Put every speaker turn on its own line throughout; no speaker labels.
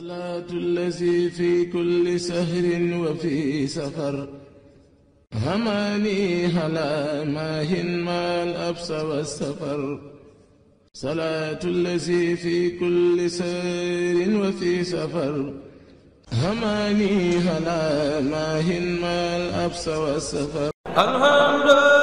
صلاة الذي في كل سهر وفي سفر هماني هلا ما هن ما الأبس والسفر صلاة الذي في كل سهر وفي سفر هماني هلا ما هن ما الأبس
والسفر الحمد
لله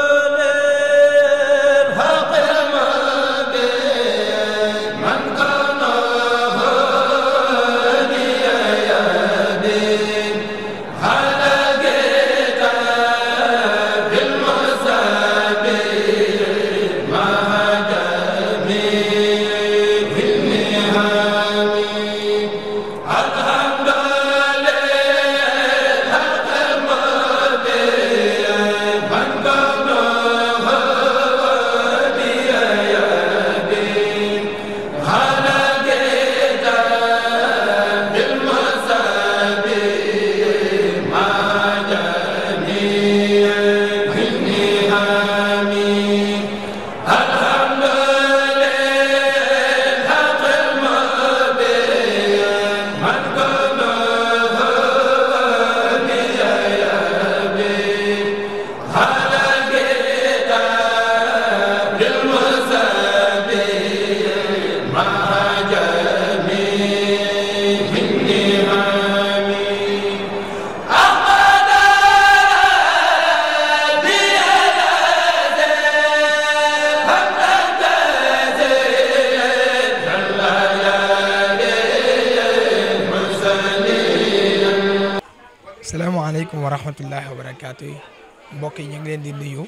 aleykum wa rahmatullahi wa barakaatu yi yi ngi len di nuyu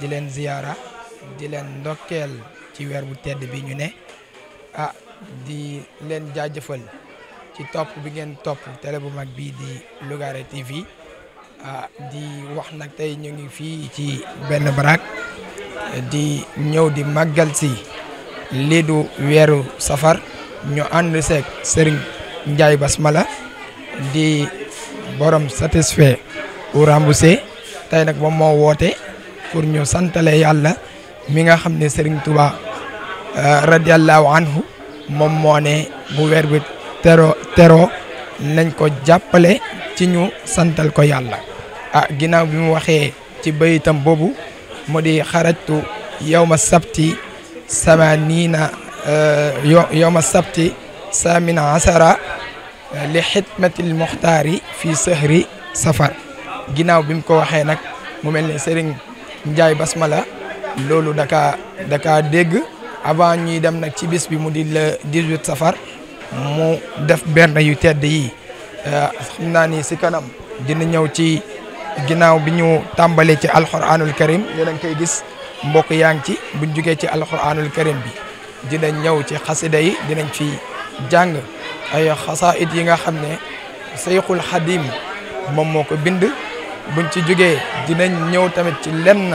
di len ziyara di len ndokel ci wer bu tedd bi ñu ne ah di len jaajeufal ci top bi ngeen top tele bu mag bi di lugare TV ah di wax nak tay ñu ngi fi ci ben barak di ñew di magal ci ledu weru safar ñu and sek Serigne Ndiaye Basmala di borom satisfait ou tey nag moom moo woote pour ñu santale yàlla mi nga xam ne Serigne Touba euh, radiallahu anhu moom moo ne bu weer bi tero tero nañ ko jàppale ci ñu santal ko yàlla a ah, ginnaaw bi mu waxee ci bayitam boobu mu di xarajtu yawma sabti samaniina euh, yawma sabti samina asara li xidmatil muxtaari fii sëhri safar ginnaaw bi mu ko waxee nag mu mel ne Serigne Ndiaye Basmala loolu daka daka dégg avant ñuy dem nag ci bis bi mu di le 18 safar mu def benn yu tedd yi xam naa ni si kanam dina ñëw ci ginnaaw bi ñu tàmbalee ci alquranul karim yéen a ngi koy gis mbokk yaa ci buñ jugee ci alquranul karim bi dina ñëw ci xasida yi dinañ fi jàng ay xasaayit yi nga xam ne Seyxul Xadim moom moo ko bind buñ ci jógee dinañ ñëw tamit ci lenn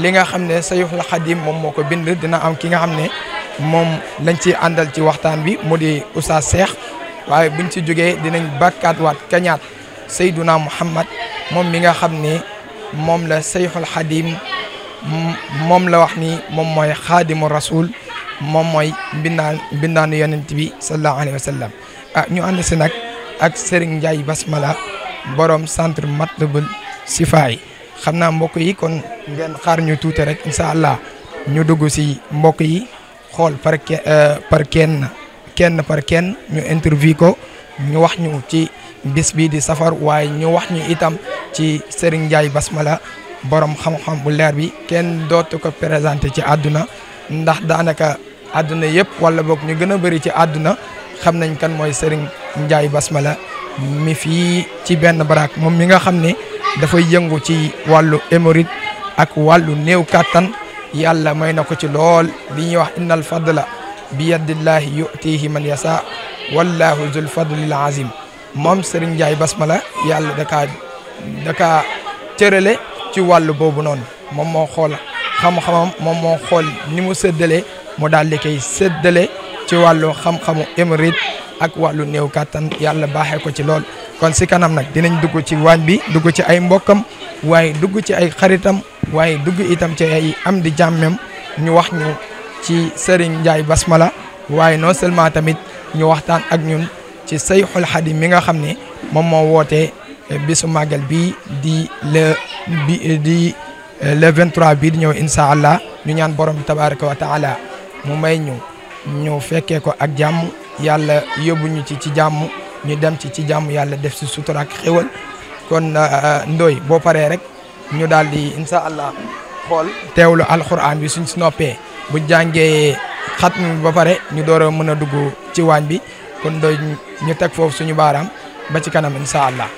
li nga xam ne Seyxul Xadim moom moo ko bind dina am ki nga xam ne moom lañ ci àndal ci waxtaan bi mu di Oustaz Seex waaye buñ ci jógee dinañ bàkkaat waat kañaat Seyduna Muhammad moom mi nga xam ne moom la Seyxul Xadim moom la wax ni moom mooy xaadimu rasul moom mooy mbindaan mbindaanu yonent bi sallallahu alayhi wa sallam ah ñu ànd si nag ak Serigne Ndiaye Basmala borom centre Matlabul Sifaay xam naa mbokk yi kon ngeen xaar ñu tuuti rek sa allah ñu dugg si mbokk yi xool par euh, par kenn kenn par kenn ñu interview ko ñu wax ñu ci bis bii di safar waaye ñu wax ñu itam ci Serigne Ndiaye Basmala borom xam-xam bu leer bi kenn dootu ko présenté ci àdduna ndax daanaka àdduna yëpp wala boog ñu gën a bëri ci àdduna xam nañ kan mooy Serigne Ndiaye Basmala mi fii ci benn baraak moom mi nga xam ne dafay yëngu ci wàllu hémorroïde ak wàllu néew kàttan yàlla may na ko ci lool li ñuy wax innal fadla bi yadillahi yutihi man yasa wallahu zul fadlil azim moom Serigne Ndiaye Basmala yàlla dakaa dakaa cërale ci wàllu boobu noonu moom moo xool xam-xamam moom moo xool ni mu séddale mu daal di koy séddale ci wàllu xam-xamu émérite ak wàllu néew kàttan yàlla baaxee ko ci lool kon si kanam nag dinañ dugg ci waañ bi dugg ci ay mbokkam waaye dugg ci ay xaritam waaye dugg itam ci ay am di jàmmem ñu wax ñu ci Serigne Ndiaye la waaye non seulement tamit ñu waxtaan ak ñun ci Sayxul Xadim mi nga xam ne moom moo wootee eh, bisu màggal bi di le bi eh, di eh, le 23 bii di ñëw incha allah ñu ñaan borom bi tabaraka wa taala mu may ñëw ñu fekkee ko ak jàmm yàlla yóbbuñu ci ci jàmm ñu dem ci ci jàmm yàlla def ci sutura ak xéwal kon euh, ndoy boo paree rek ñu daal di incha allah xool teewlu alxuraan bi suñ si noppee bu jàngee xatmi ba pare ñu doora mën a dugg ci waañ bi kon ndoy ñu teg foofu suñu baaraam ba ci kanam incha allah.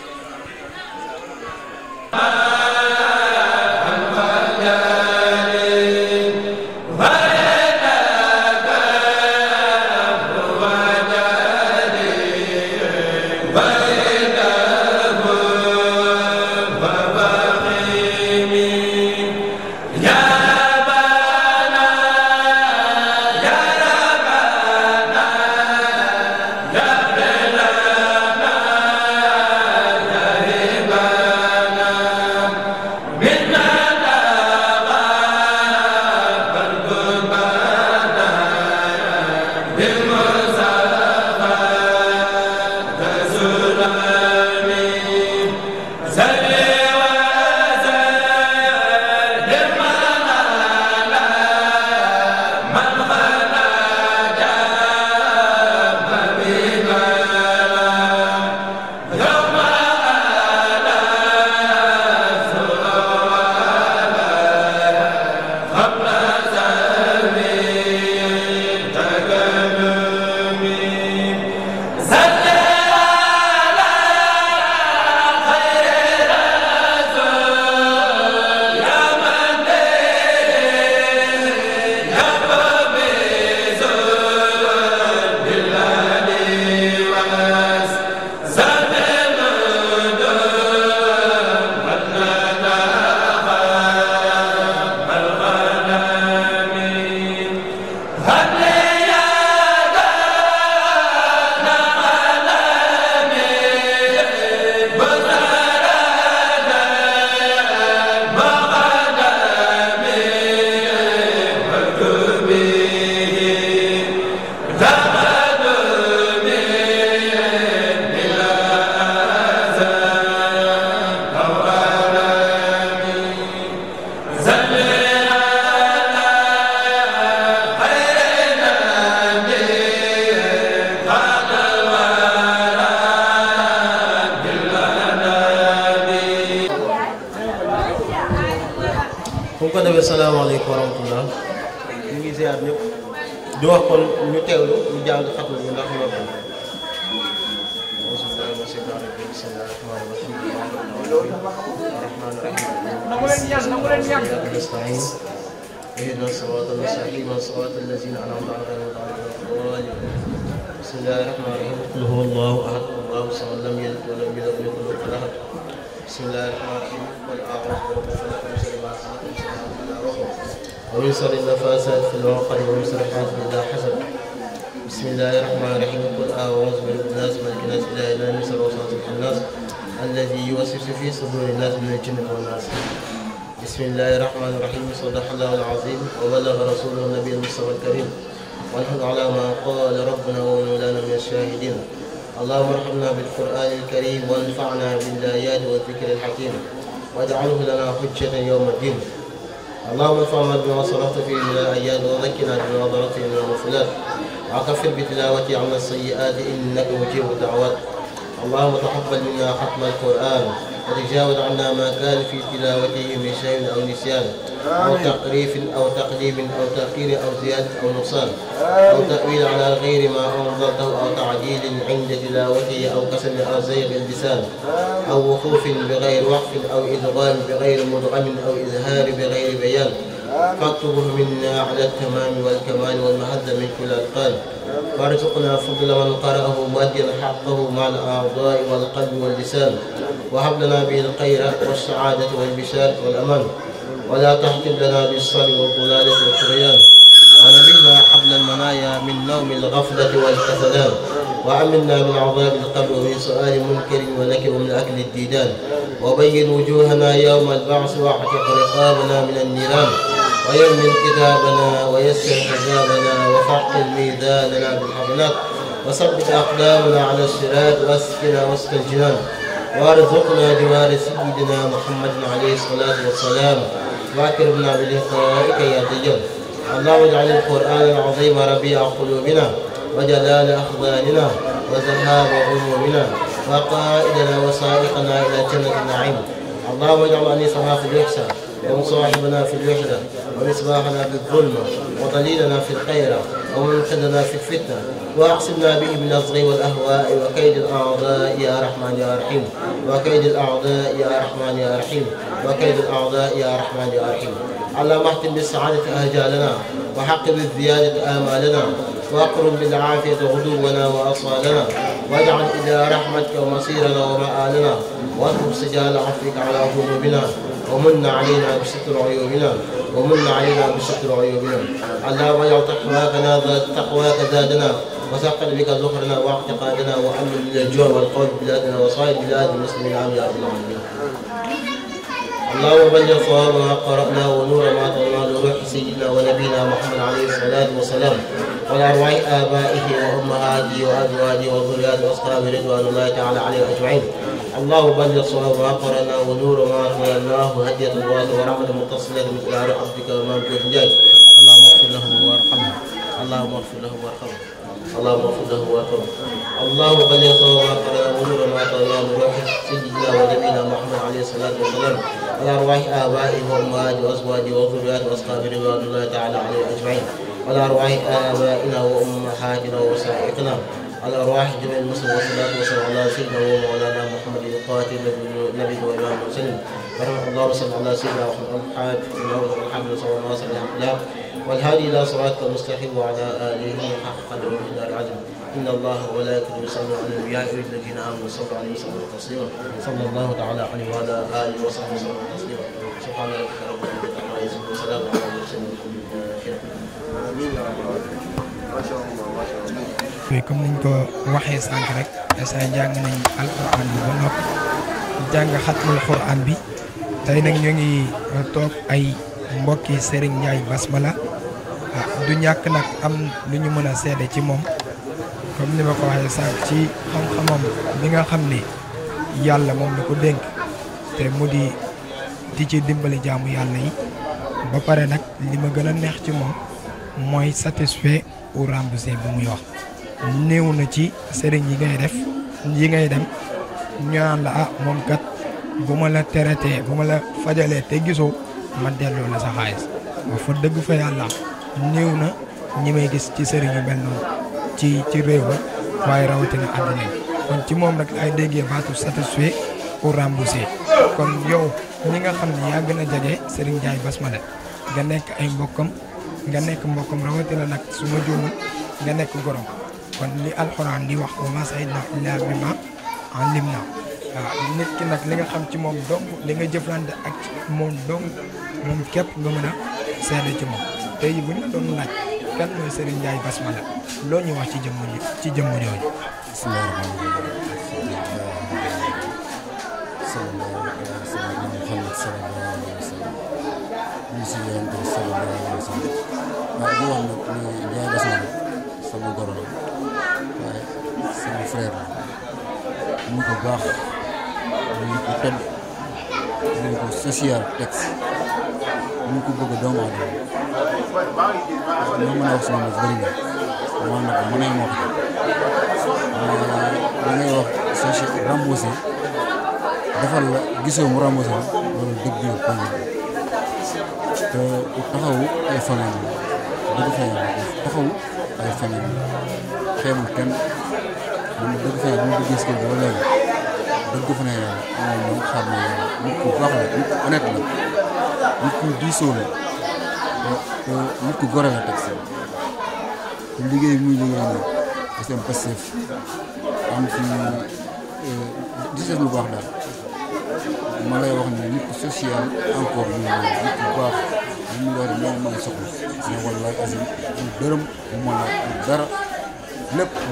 نستعين
اهدنا الصراط المستقيم صراط الذين انعمت عليهم بسم الله الرحمن الرحيم قل هو الله احد الله الصمد لم يلد ولم يولد ولم يكن بسم الله الرحمن الرحيم قل اعوذ برب الفلق من شر ما خلق ومن شر النفاثات في العقد ومن شر حاسد اذا بسم الله الرحمن الرحيم قل اعوذ برب الناس ملك الناس اله الا من شر الناس الذي يوسوس في صدور الناس من الجنة والناس بسم الله الرحمن الرحيم صدق الله العظيم وبلغ رسوله النبي المصطفى الكريم ونحن على ما قال ربنا ومولانا من الشاهدين اللهم ارحمنا بالقرآن الكريم وانفعنا بالآيات والذكر الحكيم واجعله لنا حجة يوم الدين اللهم انفعنا بما صرفت فيه من الآيات وذكرنا بما ضربت فيه من المصلات وكفر بتلاوتي عن السيئات إنك مجيب الدعوات اللهم تقبل منا ختم القرآن وتجاوز عنا ما كان في تلاوته من شيء أو نسيان أو تقريف أو تقديم أو تأخير أو زيادة أو نقصان أو تأويل على غير ما انظرته أو تعديل عند تلاوته أو قسم أو زيغ اللسان أو وقوف بغير وقف أو إدغام بغير مدغم أو إظهار بغير بيان فاطلبه منا على التمام والكمال والمهد من كل القلب وارزقنا فضل من قرأه مؤديا حقه مع الأعضاء والقلب واللسان وهب لنا به الخير والسعادة والبشارة والأمان ولا تحكم لنا بالصبر والضلالة والطغيان ونبينا حبل المنايا من نوم الغفلة والكسلان وعملنا من عذاب القبر ومن سؤال منكر ونكر ومن أكل الديدان وبين وجوهنا يوم البعث واعتق رقابنا من النيران ويمن كتابنا ويسر حسابنا وفق ميداننا بالحضنات وثبت أقدامنا على الصراط واسقنا وسط الجنان وارزقنا جوار سيدنا محمد عليه الصلاة والسلام واكرمنا بلقائك يا تجل اللهم اجعل القرآن العظيم ربيع قلوبنا وجلال أحزاننا وذهاب همومنا وقائدنا وسائقنا إلى جنة النعيم اللهم اجعل أنيسنا في الوحشة ومصاحبنا في الوحدة ومصباحنا في الظلمة وضليلنا في الخير ومنقذنا في الفتنة واقسمنا به من الزغي والأهواء وكيد الأعداء يا رحمن يا رحيم وكيد الأعداء يا رحمن يا رحيم وكيد الأعداء يا رحمن يا رحيم اللهم اهتم بالسعادة أهجالنا وحق بالزيادة آمالنا واقرن بالعافية غدونا وأصالنا واجعل إلى رحمتك ومصيرنا ومآلنا واترك سجال عفوك على قلوبنا ومن علينا بستر عيوبنا ومن علينا بستر عيوبنا اللهم اجعل تقواك تقواك زادنا وثقل بك ذكرنا واعتقادنا وامن لله الجوع والقول بلادنا وصائد بلاد المسلمين عام يا رب العالمين اللهم بلغ صواب ما قرانا ونور ما طلعنا لروح سيدنا ونبينا محمد عليه الصلاه والسلام ولارواح ابائه وامهاته وازواجه وذرياته واصحابه رضوان الله تعالى عليهم اجمعين الله بلغ صواب وأقرنا ونور ما أقرناه هدية الواد ورحمة متصلة مثل على عبدك وما في بحجاج اللهم اغفر له وارحمه اللهم اغفر له وارحمه اللهم اغفر له وارحمه اللهم بلغ صواب وأقرنا ونور ما أقرناه بروح سيدنا ونبينا محمد عليه الصلاة والسلام على أرواح آبائه وأمهاته وأزواجه وذريات وأصحابه رضوان الله تعالى عليه أجمعين وعلى أرواح آبائنا وأمهاتنا وسائقنا على أرواح جميع المسلمين والصلاة والسلام على سيدنا ومولانا محمد قاتل النبي وإمام المرسلين ورحمة الله وصلى على سيدنا محمد وعلى الحمد صلى الله عليه وسلم والهادي إلى صراطك المستقيم وعلى آله حق قدره من العدل إن الله وملائكته يصلون على النبي يا الذين آمنوا صلوا عليه وسلموا تسليما صلى الله تعالى عليه وعلى آله وصحبه وسلم تسليما سبحان ربك رب العزة وسلام على المرسلين الحمد لله آمين يا رب العالمين ما شاء الله
yi comme niñ ko waxee sànq rek saa jàng nañ alquran bi ba noppi jàng xatmul quran bi tey nag ñu ngi uh, toog ay mbokki Serigne Ndiaye Basmala ah, du ñàkk nag am lu ñu mën a seede ci moom comme ni ma ko waxee sànq ci xam-xamam bi nga xam ni yàlla moom la ko dénk te mu di di ci dimbali jaamu yàlla yi ba pare nag li ma gën a neex ci moom mooy satisfait ou remboursé bu muy néew na ci sëriñ yi ngay def yi ngay dem ñu la ah moom kat bu ma la teretee bu ma la fajalee te gisoo ma delloo la sa xaalis ba fa dëgg fa yàlla néew na ñi may gis ci sëriñ yu ci ci réew mi waaye rawatina àddina kon ci moom rek ay déggee baatu satisfait pour rembourser kon yow ñi nga xam ne yaa gën a jege sëriñ Ndiaye Basmala nga nekk ay mbokkam nga nekk mbokkam rawatina nag su ma juumul nga nekk gorom kon li alxuraan di wax wa maa shahidnaa illaa bimaa alimnaa waaw nit ki nag li nga xam ci moom dong li nga jëflante ak moom dong moom képp nga mën a seede ci moom tey bu ñu doon loo ñu wax ci jëmm ci jëmm
sama goro suñu frère la ñu ko baax ñu ko tedd ñu ko social teg ñu ko bëgg doomu aadama ñoo mën a wax sama bëri na man na ko mën a wax da ngay wax sachet remboursé defal la gisoo mu remboursé loolu dëgg yow ko te taxaw ay famille dëgg famille taxaw ay famille xeebul kenn man dëgg fa yàlla bu
gis ko ba léegi dëgg fa ne yàlla moom xam ne nit ku baax la nit ku honnête la nit diisoo la te euh,
lu baax daal ma lay wax ne nit ku social encore ñu nit ku baax mu war a ñoom mooy soxla mais wallaay asim
dërëm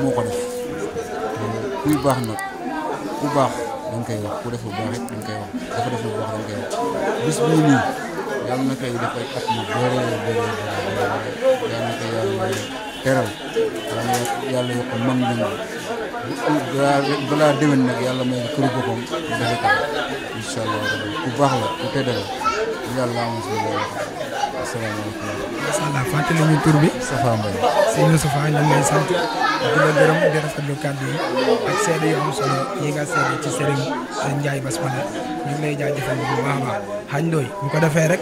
moo ko def kuy baax nag ku baax dañ wax ku def lu baax it dañ wax dafa def lu baax dañ koy wax bis bii nii yàlla na koy def at yu bëree bëree bëri yàlla na yàlla teral yàlla yàlla yokk mën nañ bu balaa déwén nag yàlla may kër boppam mu defee ko baax la ku tedda la yàlla amoon si asalaamaaleykum.
fàttali ñu sëriñ a baax ko defee rek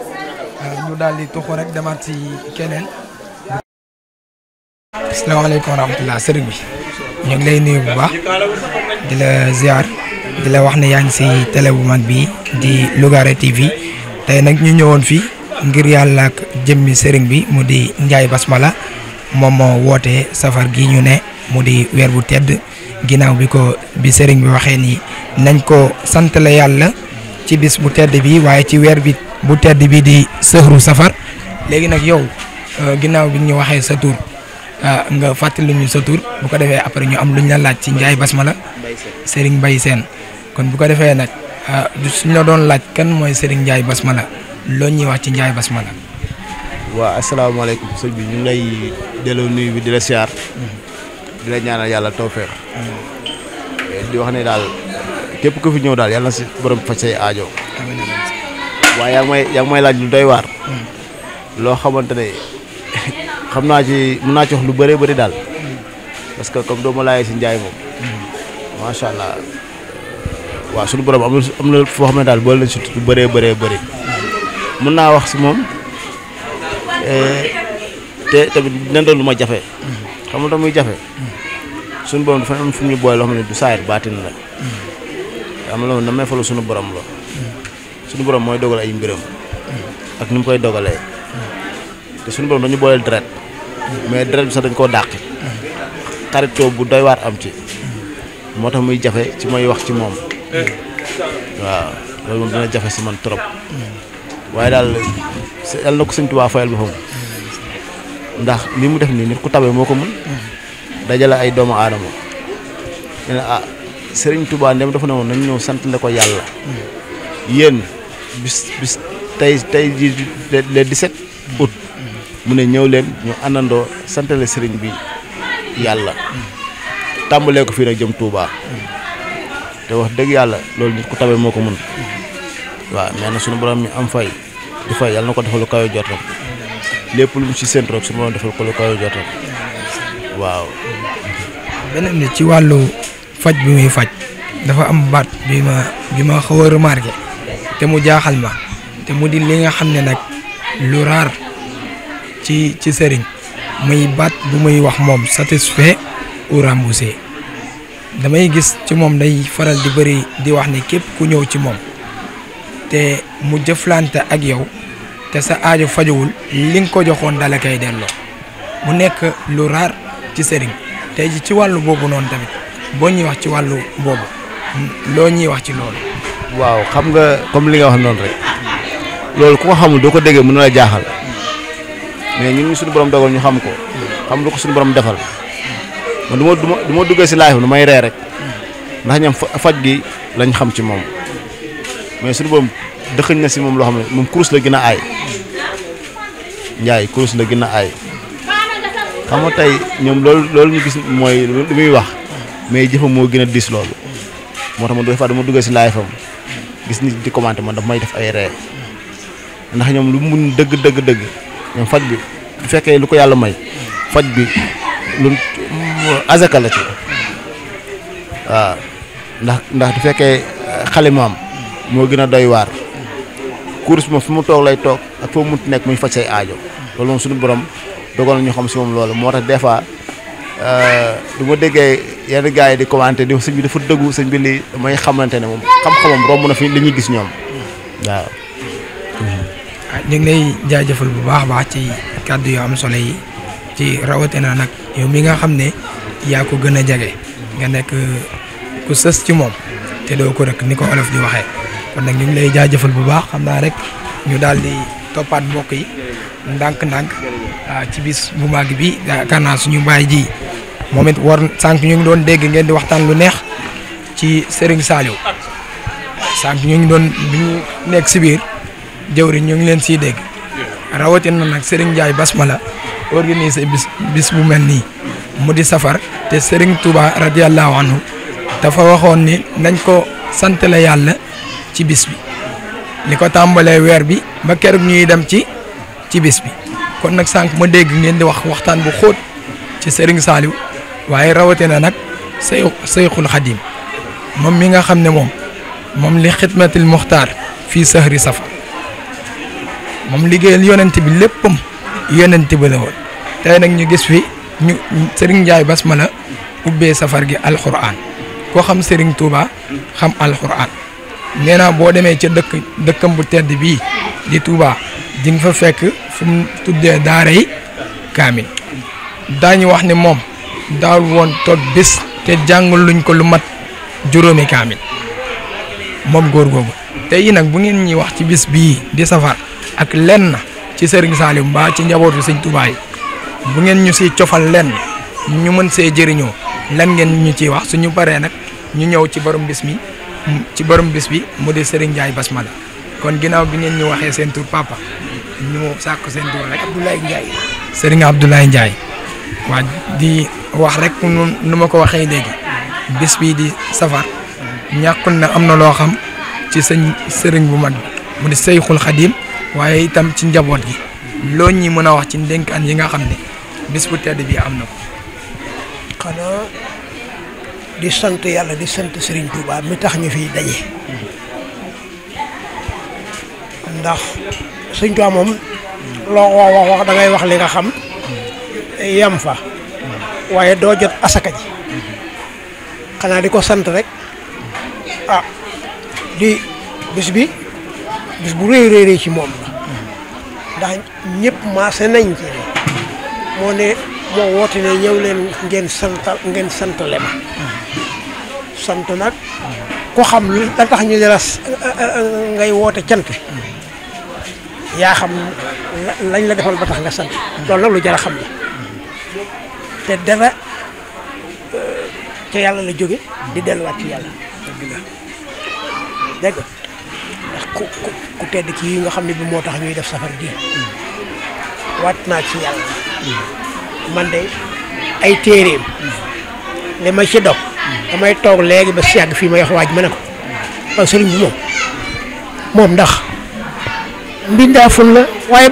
euh, ñu daal di tuxu rek demaat keneen. asalaamaaleykum wa bi. ñoo ngi lay nuyu bu baax di la ziar di la wax ne yaa ngi si télé bi di Lougaré TV tey nag ñu ñëwoon fii. ngir yàlla ak jëmmi sëriñ bi mu di Ndiaye la moom moo woote safar gi ñu ne mu di weer bu tedd ginnaaw bi ko bi sëriñ bi waxee ni nañ ko santale yàlla ci bis bu tedd bi waaye ci weer bi bu tedd bi di sëxru safar léegi nag yow euh, ginnaaw bi ñu waxee sa tur ah, nga fàttali ñu sa tur bu ko defee après ñu am lu ñu la laaj ci njaay Ndiaye la sëriñ Mbaye seen kon bu ko defee nag ah, suñ la doon laaj kan mooy sëriñ Ndiaye Basmala loolu ñuy wax ci Ndiaye Basmala.
waaw asalaamaaleykum sëñ bi ñu lay delloo nuyu bi di la siyaar. Hmm. di la ñaanal yàlla tawfeex. Hmm. di wax ne daal képp ku fi ñëw daal yàlla na si borom aajo. waaye yaa ngi laaj lu doy waar. Hmm. xamante ne xam naa ci mën naa wax lu bëree bëri daal. parce que comme doo ma si Ndiaye moom. macha allah waaw sunu borom am na am foo xam ne daal boole nañ si lu bëree bëree bëri. mën naa wax si moom eh, te tamit dina doon lu ma jafe. xam nga muy jafe. suñu borom dafa am fu mu ñu boole loo xam ne la. am na na may falu suñu borom la. suñu borom mooy dogal ay mbiram. ak ni koy dogalee. te suñu borom dañu booleel deret. mais deret sax dañ koo dàq. xaritoo bu doy waar am ci. moo tax muy jafe ci may wax ci moom. Eh. waaw loolu moom dina jafe si man trop. waaye daal yal na ko sëñ Tuubaa fayal boppam ndax li mu def nii nit ku tabe moo ko mën dajale ay doomu aadama ne ah sëriñ Tuubaa ndem dafa ne woon nañ ñëw sant la ko yàlla yéen bis bis tey tey ji di set août mu ne ñëw leen ñu àndandoo santale sëriñ bi yàlla tàmbalee ko fii nag jëm Tuubaa te wax dëgg yàlla loolu nit ku tabe moo ko mën waaw nee na suñu borom mi am fay di fay yàlla na ko defal lu kawe jotam lépp lu mu si séntu rek suñu borom defal ko lu kawe waaw.
beneen bi ci wàllu faj bi muy faj dafa am baat bi ma bi ma xaw a remarqué te mu jaaxal ma te mu di li nga xam ne nag lu raar ci sëriñ muy baat bu muy wax moom satisfait ou remboursé damay gis ci moom day faral di bëri di wax ne képp ku ñëw ci moom te mu jëflante ak yow te sa aajo fajowul li nga ko joxoon dala koy delloo mu nekk lu raar ci sëriñ tey ji ci wàllu boobu noonu tamit boo ñuy wax ci wàllu boobu loo ñuy wax ci loolu.
waaw xam nga comme li nga wax noonu rek loolu ku ko xamul doo ko déggee mën na la jaaxal mais ñun suñu borom dogal ñu xam ko xam lu ko suñu borom defal man du ma du ma duggee si laaj bi nu may ree rek ndax ñam faj gi lañ xam ci moom. mais suñu boobu dëxëñ na si moom loo xam ne moom kurus la gën a aay njaay kurus la gën a aay xam nga tey ñoom loolu loolu ñu gis mooy lu muy wax mais jëfam moo gën a diis loolu moo tax ma des fois duggee si laay fam gis nit di commenté man daf may def ay ree ndax ñoom lu mun dëgg dëgg dëgg ñoom faj bi bu fekkee lu ko yàlla may faj bi lu azaka la ci waaw ndax ndax du fekkee xale maam moo gën a doy waar course moom fi mu toog lay toog ak foo munti nekk muy faj say aajo loolu moom suñu borom dogal ñu xam si moom loolu moo tax des fois euh, du ma déggee yenn gars yi di commenté di sëñ bi dafa dëggu sëñ bi li may xamante ne moom xam-xamam romb na fi li ñuy gis ñoom waaw.
Ah, ñu ngi lay jaajëfal bu baax baax ci kàddu yu am solo yi ci rawatina nag yow mi nga xam ne yaa ko gën a jege nga nekk ku sës ci moom te doo ko rek ni ko olof di waxee. kon nak ñu ngi lay jaajeufal bu baax xamna rek ñu daldi di mbokk yi ndank ndànk ah, ci bis bu mag bi yaakaar suñu bàyyi ji momit war sank ñu ngi doon deg ngeen di waxtaan lu neex ci Serigne salio sank ñu ngi doon bi ñu nekk si bir jëwri ñu ngi leen deg rawati na nak Serigne jaay Basmala organiser bis bis bu melni mudi safar te Serigne Touba radiyallahu anhu dafa waxoon ni nañ ko sante la yalla ci bis bi li ko tàmbalee weer bi ba keroog ñuy dem ci ci bis bi kon nag sànq ma dégg ngeen di wax waxtaan bu xóot ci Serigne Saliou waaye rawatina nag say sayxul xadim moom mi nga xam ne moom li xidmatil sahri safar moom liggéeyal yonent bi léppam yonent bi la woon tey nag ñu gis fi ñu Serigne Ndiaye Basmala ubbee safar gi alquran koo xam Serigne Touba xam alquran nee naa boo demee ca dëkk dëkkam bu tedd bii di Touba dinga fa fekk fu mu tuddee daara yi kaamil daañu wax ni moom daal woon toog bés te jàngul luñ ko lu mat juróomi kaamil moom góor googu te yi nag bu ngeen ñuy wax ci bis bii di safar ak lenn ci Serigne Saliou mbaa ci njabootu Sëñ Touba yi bu ngeen ñu si cofal lenn ñu mën see jëriñoo lan ngeen ñu ciy wax suñu baree nag ñu ñëw ci borom bis mi ci borom bis bi mu di Serigne Ndiaye Basmala kon ginnaaw bi ngeen ñu waxee seen tur papa ñu sàkk seen tur rek Abdoulaye Ndiaye. Serigne Abdoulaye Ndiaye waa di wax rek nu ma ko waxee léegi bis bii di safar ñàkkul na am na loo xam ci sëñ Serigne bu ma bi mu di Seyxul Xadim waaye itam ci njaboot gi loo ñi mën a wax ci ndénkaan yi nga xam ne bis bu tedd bi am na ko.
di sant yalla di sant Serigne Touba mi tax ñu fi mom ndax Serigne Touba mom wak wax wax da ngay wax li nga xam yam fa waye do jot asaka ji xana di sant rek ah di bis bi bis bu reey reey ci mom ndax ñepp ma nañ ci mo ne moo woote ne ñëw leen ngeen santal ngeen santale ma sant nag ku xam ni la tax ñu dela ngay woote cant yaa xam lañ la defal ba tax nga sant loolu nag lu jar a xam la te dara euh, ca yàlla la jóge di delluwaat ci yàlla dégg nga ndax ku ku tedd kii yi nga xam ne bi moo tax ñuy def safar ji waat naa ci yàlla man de ay téeréem li ma ci dog damay toog léegi ba si fii may wax waaj ma ne ko waaw sëriñ bi moom moom ndax mbindaafun la waaye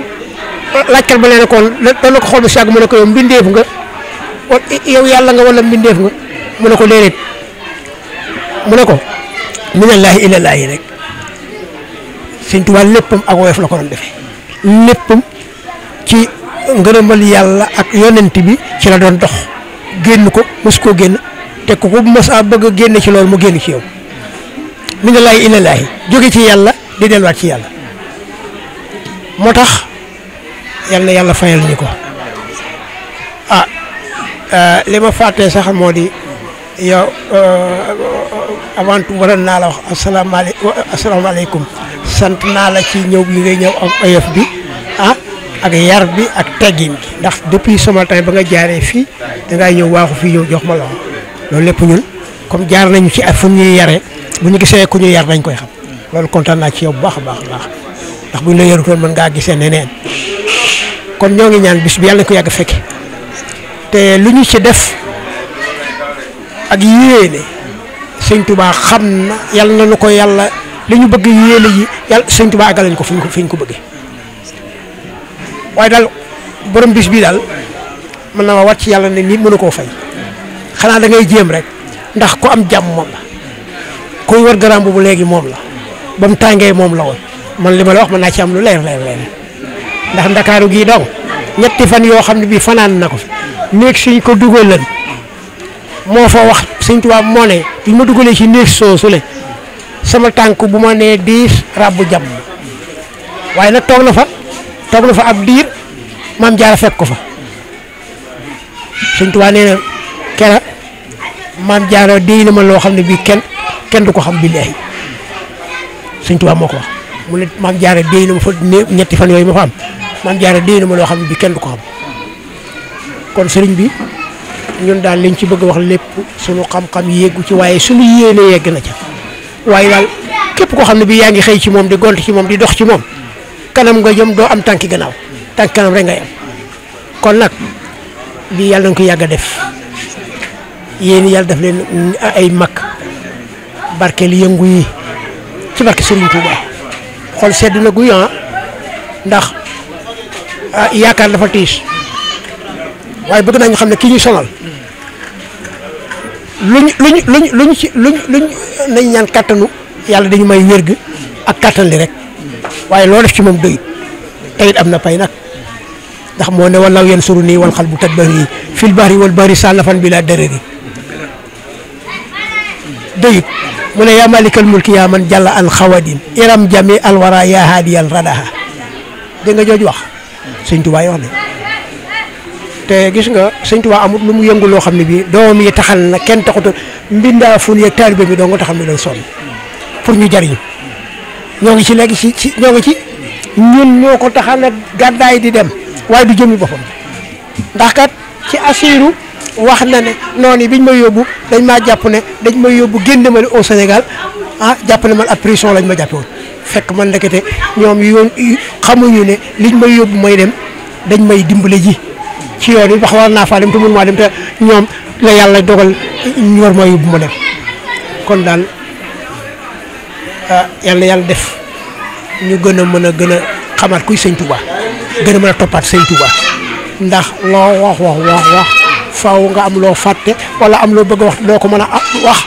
laajkat ba leen kon doon na xool ba si yàgg mu ne ko yow mbindeef nga yow yàlla nga wala mbindeef nga mu ne ko déedéet mu ne ko minallaahi ilallaahi rek sëñ Tuubaa léppam ak woyof la ko doon léppam ngërëmal yàlla ak yonent bi ci la doon dox génn ko mës koo génn te ku ko mës a bëgg a génn ci loolu mu génn ci yow mu ngi laay ila laay jóge ci yàlla di delluwaat ci yàlla moo tax yal na yàlla fayal ñu ko ah euh, li ma fàttee sax moo di yow euh, avant tout naa la wax asalaamaaleykum sant naa la ci ñëw bi ngay ñëw ak oyof bi ah, ak yar bi ak teggin bi ndax depuis ce matin ba nga jaaree fii dangay ñëw waaxu fii ñëw jox ma loxo loolu lépp ñun comme jaar nañu ci ak fu ñuy yaree bu ñu gisee ku ñu yar dañ koy xam loolu kontaan naa ci yow bu baax a baax a baax ndax bu ñu la yarutoon mën ngaa gisee neneen kon ñoo ngi ñaan bis bi yàlla ko yàgg fekke te lu ñu ci def ak yéene sëñ xam na yàlla na nu ko yàlla li ñu bëgg yéene yi yàlla sëñ Touba àggalañ ko fi ñu ko fi ñu ko bëggee. waye dal borom bis bi dal man na ma wat ci yàlla ne nit mënu ko fay xana da ngay jëm rek ndax ko am jam mom la ko war garam bu legi mom la bam mu mom la won man lima la wax man na ci am lu leer leer leer ndax dakaru gi dong ñetti fan yoo xam ne bii fanaan ko fi néeg suñ ko dugalan moo fa wax señ tuba mo ne bi ma duggalé ci so so le sama tànk bu ma nee diis rabbu jàmm waaye nag na fa toog na fa ab diir maam jaara fekk ko fa sëñ Tuubaa nee na kera maam na ma loo xam ne bii kenn kenn du ko xam billaahi sëñ Tuubaa moo ko wax mu ne maam jaara déy na ma fa ñetti fan yooyu ma fa am maam jaara déy na ma loo xam ne bii kenn du ko xam kon sëriñ bi ñun daal liñ ci bëgg wax lépp suñu xam-xam yéegu ci waaye suñu yéene yegg na ca waaye daal képp koo xam ne bii yaa ngi xëy ci moom di gont ci moom di dox ci moom kanam nga yëm do am tanki gënaaw tànk kanam rek nga yëm kon nak li yàlla ko yàgg def yeen yalla def leen ay barke li yëngu yi ci barke Serigne Touba xol sedd na guy ah. ndax ah, yaakar dafa tiis waaye bëgg nañu xam ne ki ñu sonal luñ luñ luñ luñ luñ luñ nañ ñaan kàttanu yàlla dañu may wérg ak kàttan li rek waaye loo def ci moom doyut tayit am na pay nag ndax moo ne walaw yan suru nii wal xal bu tadbari yi fil bahri wal bahri sàllafan bi laa dërëri mun mu ne yaa malikal mulki yaa man jàlla al xawadin iram jami al wara yaa haadiyal radaha dégg nga wax sëñ Tuubaa wax te gis nga sëñ Tuubaa amut lu mu yëngu loo xam ne bii doom yi taxal na kenn taxutoon mbindaa ful yeeg taalibe bi doo nga taxal mi doon sonn pour ñu jariñ ñoo ngi ci léegi ci ci ñoo ci ñun ñoo ko taxal a gàddaay di dem waaye du jëmi boppam ndax kat ci asiru wax na ne noonu biñ may yóbbu dañ maa jàpp ne dañ may yóbbu génne ma au Sénégal ah jàpp ne man ab lañ ma jàppe fekk man ndekete ñoom yoon xamuñu ne liñ may yóbbu may dem dañ may dimbale ji ci yoon yi wax war naa faa dem te mun maa dem te ñoom la yàlla dogal ñu war ma yóbbu ma dem kon daal Eh, yalla yalla def ñu gëna mëna gëna xamal kuy seigne touba gëna mëna topat seigne touba ndax lo wax wax wax wax faaw nga am lo fatte wala am lo bëgg wax ko mëna wax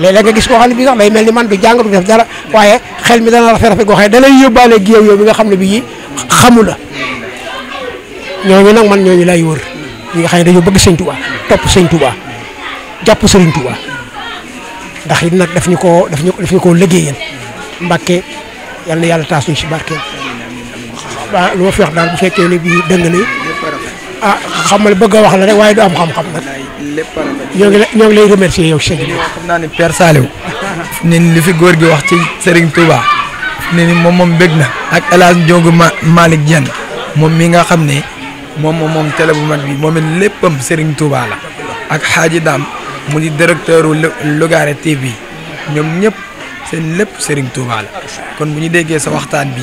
lé léeg nga gis waxal bi nga may melni man du jang du def dara waaye xel mi dana rafet rafé goo xam da lay yobalé gi yow bi nga xamné bi xamu la ñooñu nag man ñu lay wër ñi nga xamné dañu bëgg sëñ touba top sëñ touba japp sëriñ touba ndax it nag def ñu ko daf ñu daf ñu koo liggéeyal Mbàkke yal yàlla taas ñu ci barkeem lu ma feex wax daal bu fekkee ne bii dëng ah xamal bëgg a wax la rek waaye du am xam-xam nag ñoo ngi lay ñoo ngi lay remercier yow sëñ bi. xam naa ne Père Saliou.
li fi góor gi wax ci Serigne Touba. ne ni moom moom bëgg na. ak El Hadj Ndiogu Ma Malick Dieng moom mi nga xam ne moom moom moom télé bu mag bi moom it léppam Serigne Touba la. ak Xaaji Daam. mu di directeur u Lougaré TV ñoom ñëpp seen lépp Serigne Touba kon bu ñu déggee sa waxtaan bi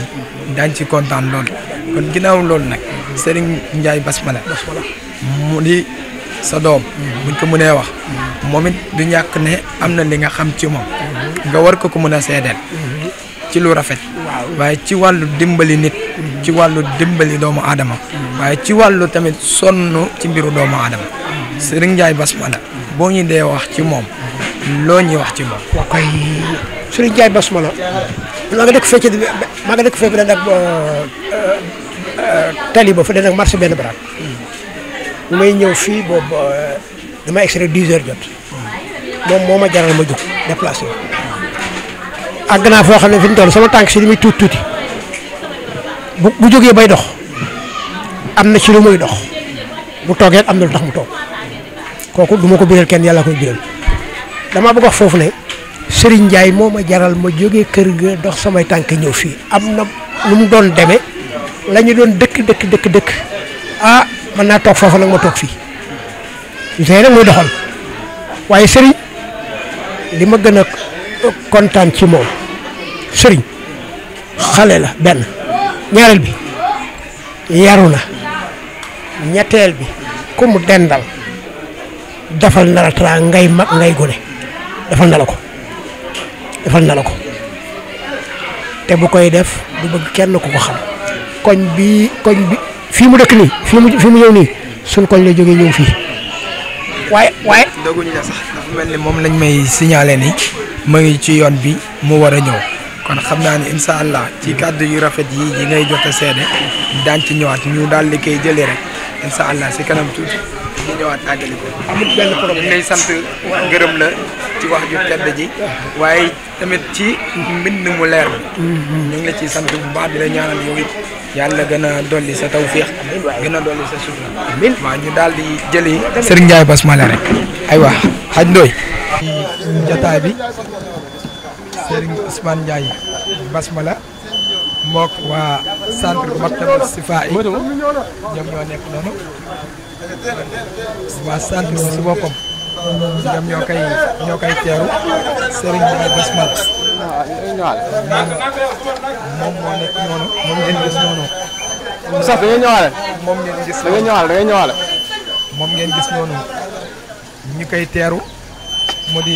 daañ ci kontaan lool kon ginnaaw loolu nag Serigne Ndiaye Basmala mu di sa doom buñ ko mënee wax moom it du ñàkk ne am na li nga xam ci moom nga war ko ko mën a seedeel ci lu rafet waaye ci wàllu dimbali nit ci wàllu dimbali doomu aadama waaye ci wàllu tamit sonn ci mbiru doomu aadama Serigne Ndiaye Basmala boo ñu dee wax ci moom loo ñuy wax ci moom. waaw
koy Serigne Ndiaye Basmala. maa nga dëkk fee ci maa nga dëkk fee bi nag euh, tali ba fa dana marché benn baraat. ñu may ñëw fii boobu euh, dama extrait dix heures jot. moom moo ma jaral ma jóg déplacé wu. àgg naa foo xam ne fi mu toll sama tànk si li muy tuuti tuuti bu bu jógee bay dox am na ci lu muy dox bu toogee am na lu tax mu toog. kooku duma ko biral kenn yàlla koy biral dama bëgg a foofu ne Serigne Ndiaye moo ma jaral ma jóge kër ga dox samay tànk ñëw fii am na lu mu doon demee lañu doon dëkk dëkk dëkk dëkk ah mën naa toog foofu nag ma toog fii Ouzin nag doxal waaye Serigne li ma gën a kontaan ci moom sëriñ xale la benn ñaareel bi yaru na ñetteel bi ku dendal. defal na la ngay mag ngay gone dafa na ko defal na ko te bu koy def du bëgg kenn ku ko xam koñ bi koñ bi fii mu dëkk nii fii mu ñëw nii suñ koñ la jógee ñëw fii
waaye waaye. doguñu la sax mel ni moom lañ may siñaale ni ma ngi ci yoon bi mu war a ñëw kon xam naa ni incha allah ci kàdd yu rafet yi yi ngay jot a seede daan ci ñëwaat ñu daal di koy rek. incha allah si kanam tuuti ñu ñëwaat àggali ko. amul benn problème ñu sant gërëm la ci wax ju tedd ji. waaye tamit ci mbind mu leer bi. Mm-hmm. ñu ngi la ciy sant bu baax di la ñaanal yow yàlla gën a dolli sa tawféex. gën a dolli sa sutura. amiin ñu daal di jëli. Serigne Ndiaye basmala rek. aywa xaj ndooy. ci bi Serigne Ousmane Ndiaye basmala. mook waa centre Maktabul Sifaa boppam ñoom ñoo koy ñoo moom ngeen gis noonu. sax da ngeen gis da ngeen moom ngeen gis noonu ñu koy teeru mu di.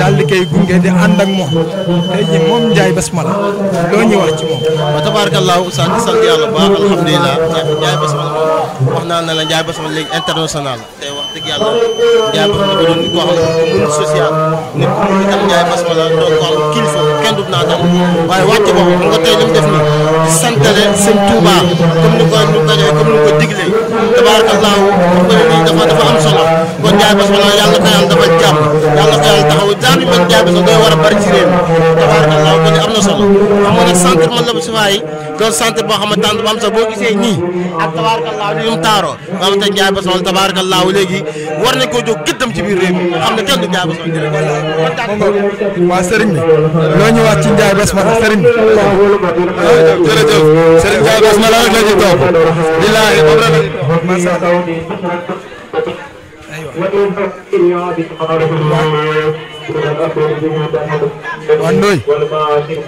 daal di koy gunge di ànd ak moom tey ji moom Ndiaye Basmala la ñuy wax ci moom. waaw
tabaarakallaahu wax naa ne la Ndiaye Basmala léegi international te wax dëgg yàlla Ndiaye Basmala ko doon nit ku kilifa kenn du naa tam waaye wàcce ko xam nga tey li def nii di santale seen Touba comme ni ko nu ko comme ni ko diglee tabaarakallaahu dafa dafa am solo kon Ndiaye Basmala jaar bi da koy war a bari ci réew mi tabaarkalla kon am na solo xam nga nag centre man la bu si waay doon centre boo gisee ñii ak tabaarkalla jaay ba sonal tabaarkalla léegi war nañ koo jóg ci biir réew mi xam ne kenn du jaay ba sonal jërëjëf.
waaw sëriñ bi loo ñëwaat ci Ndiaye Basmala sëriñ bi jërëjëf sëriñ Ndiaye Basmala rek la ñuy toog
waaw Ndoye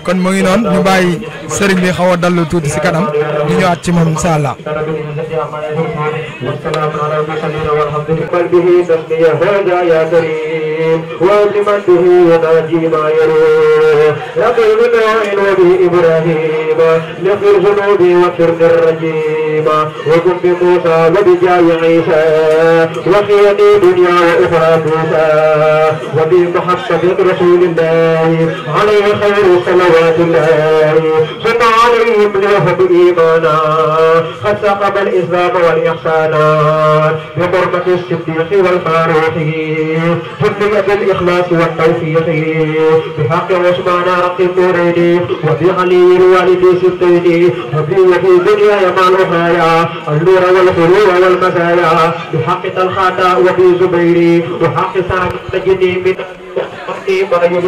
kon mu ngi noonu ñu bàyyi sëriñ
bi xaw a dallu tuuti si kanam ñu ñëwaat ci moom incha allah.
وَلِمَنْ بِهِ يَنَاجِي مَا يَرُوحُ رَبِّ الْمُنَعِمْ وَبِهِ إِبْرَاهِيمَ لِخِرْ جُنُوبِي وَكِرْنِ الرَّجِيمِ عظيما وكن بموسى وبجاء عيسى وخير دنيا واخرى موسى وبمحبة رسول الله عليه خير صلوات الله صلى عليهم نوهب ايمانا قد سقط الاسلام والاحسانا بقربة الصديق والفاروق ثم الإخلاص والتوفيق بحق عثمان رقم نورين وبعلي الوالد ستين وفي وفي دنيا مع البدايا النور والحلول والمزايا بحق طلحة وفي زبير وحق سعد سيدي من وحقي ما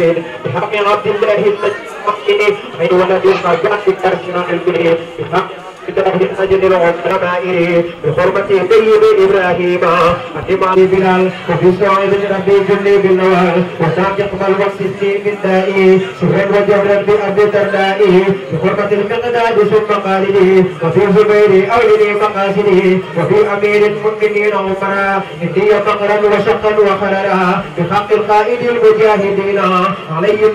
بحق عبد الله المجيد من ولد الحجاج الترجمة الكريم بحق Kedahin saja di loob ng kairi Dihormati Tayyibi Ibrahima At Imam Ibinal Kabiso ay din ang Bibin ni Binal Wasaki at kumalwag si Simin Dai Suhen wajah rabbi Abitar Dai Dihormati ng kakadadi di Kabi Zubayri Awli ni Makasini Kabi Aminin Mungkinin ang para Hindi ang pangaran Wasyakan wa kalara Bihakil kainil Mujahidina
Alayin